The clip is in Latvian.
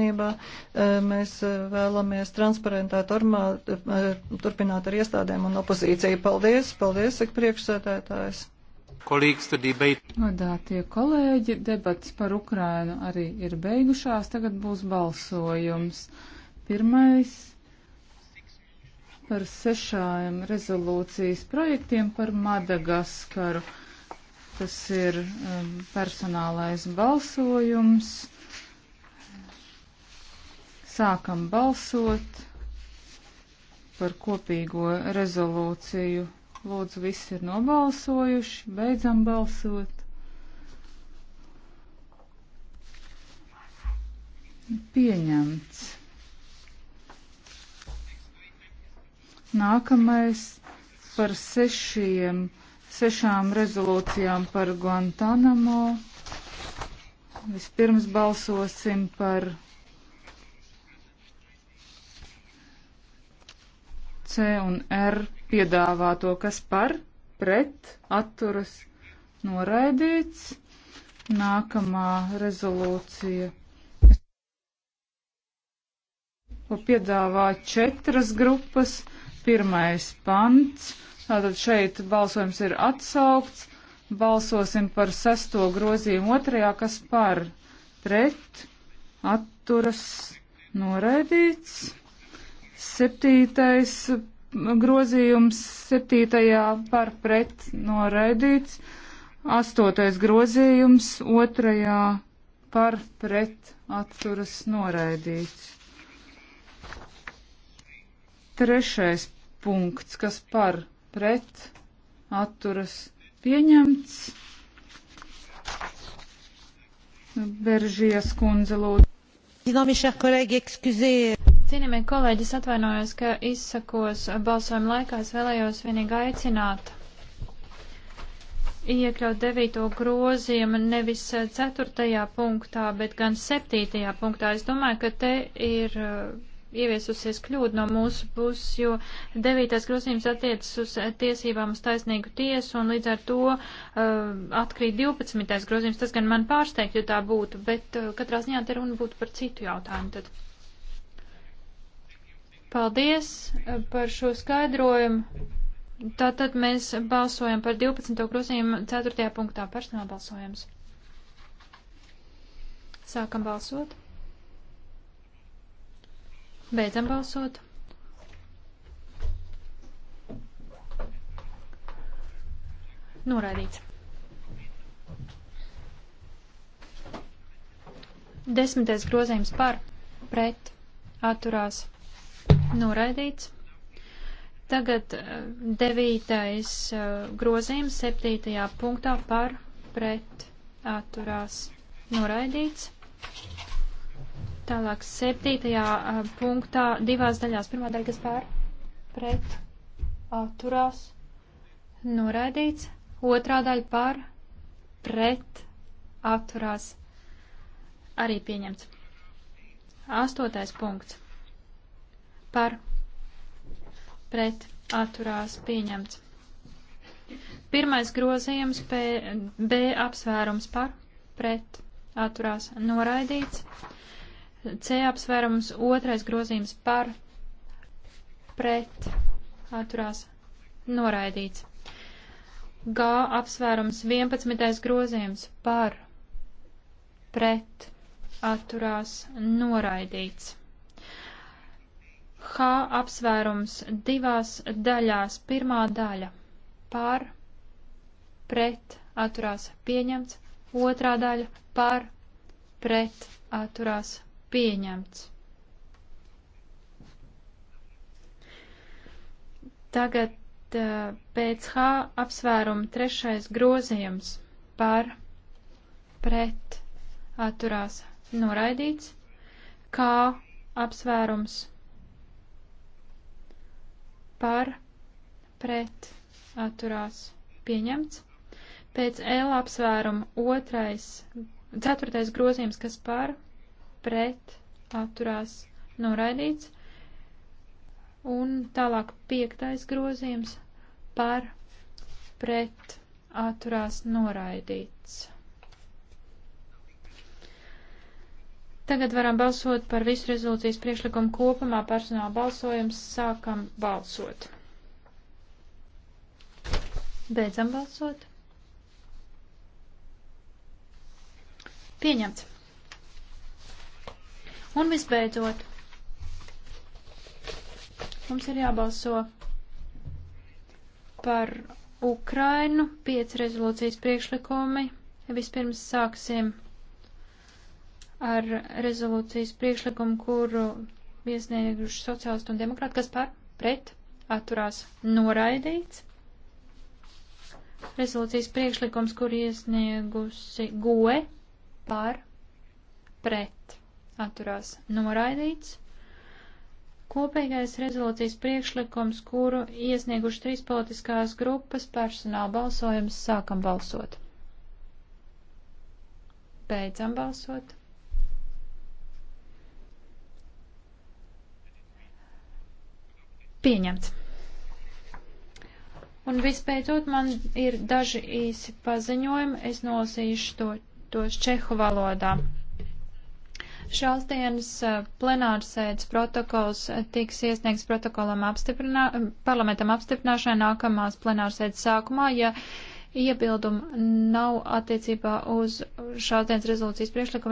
nākotnībā e, mēs e, vēlamies transparentā formā e, turpināt ar iestādēm un opozīciju. Paldies, paldies, saka priekšsēdētājs. Godātie kolēģi, debats par Ukrainu arī ir beigušās, tagad būs balsojums. Pirmais par sešām rezolūcijas projektiem par Madagaskaru. Tas ir um, personālais balsojums. Sākam balsot par kopīgo rezolūciju. Lūdzu, visi ir nobalsojuši, beidzam balsot. Pieņemts. Nākamais par sešiem, sešām rezolūcijām par Guantanamo. Vispirms balsosim par C un R piedāvāto, kas par pret atturas noraidīts. Nākamā rezolūcija. Ko piedāvā četras grupas. Pirmais pants. Tātad šeit balsojums ir atsaukts. Balsosim par sesto grozījumu otrajā, kas par pret atturas noraidīts. Septītais grozījums septītajā par pret noraidīts. Astotais grozījums otrajā par pret atturas noraidīts. Trešais punkts, kas par pret atturas pieņemts. Beržies kundze lūdzu. Non, mes chers collègues, excusez. Cienījamie kolēģi, es atvainojos, ka izsakos balsojuma laikā. Es vēlējos vienīgi aicināt iekļaut devīto grozījumu nevis ceturtajā punktā, bet gan septītajā punktā. Es domāju, ka te ir uh, ieviesusies kļūda no mūsu puses, jo devītais grozījums attiecas uz tiesībām uz taisnīgu tiesu, un līdz ar to uh, atkrīt 12. grozījums. Tas gan man pārsteigt, jo tā būtu, bet uh, katrā ziņā te runa būtu par citu jautājumu. Tad. Paldies eh, par šo skaidrojumu. Tātad mēs balsojam par 12. grozījumu 4. punktā personāla balsojums. Sākam balsot. Beidzam balsot. Noraidīts. Desmitais grozījums par, pret, atturās, noraidīts. Tagad eh, devītais eh, grozījums septītajā punktā par pret atturās noraidīts. Tālāk septītajā eh, punktā divās daļās. Pirmā daļa, kas pār pret atturās noraidīts. Otrā daļa pār pret atturās arī pieņemts. Astotais punkts par pret atturās pieņemts. Pirmais grozījums P, B apsvērums par pret atturās noraidīts. C apsvērums otrais grozījums par pret atturās noraidīts. G apsvērums 11. grozījums par pret atturās noraidīts kā apsvērums divās daļās. Pirmā daļa pār, pret, atturās pieņemts. Otrā daļa pār, pret, atturās pieņemts. Tagad eh, pēc H apsvērumu trešais grozījums pār, pret, atturās noraidīts. Kā apsvērums par pret atturās pieņemts. Pēc L apsvērumu otrais, ceturtais grozījums, kas par pret atturās noraidīts. Un tālāk piektais grozījums par pret atturās noraidīts. Tagad varam balsot par visu rezolūcijas priekšlikumu kopumā. Personāla balsojums sākam balsot. Beidzam balsot. Pieņemts. Un visbeidzot, mums ir jābalso par Ukrainu, pieci rezolūcijas priekšlikumi. Vispirms sāksim ar rezolūcijas priekšlikumu, kuru iesnieguši sociālisti un demokrāti, kas par pret atturās noraidīts. Rezolūcijas priekšlikums, kur iesniegusi goe par pret atturās noraidīts. Kopīgais rezolūcijas priekšlikums, kuru iesnieguši trīs politiskās grupas personāla balsojums, sākam balsot. Beidzam balsot. Pieņemts. Un vispēcot man ir daži īsi paziņojumi, es nolasīšu to, tos čehu valodā. Šās dienas eh, plenārsēdes protokols eh, tiks iesniegts protokolam apstiprinā, eh, parlamentam apstiprināšanai nākamās plenārsēdes sākumā, ja iebildumu nav attiecībā uz šās dienas rezolūcijas priekšlikumu.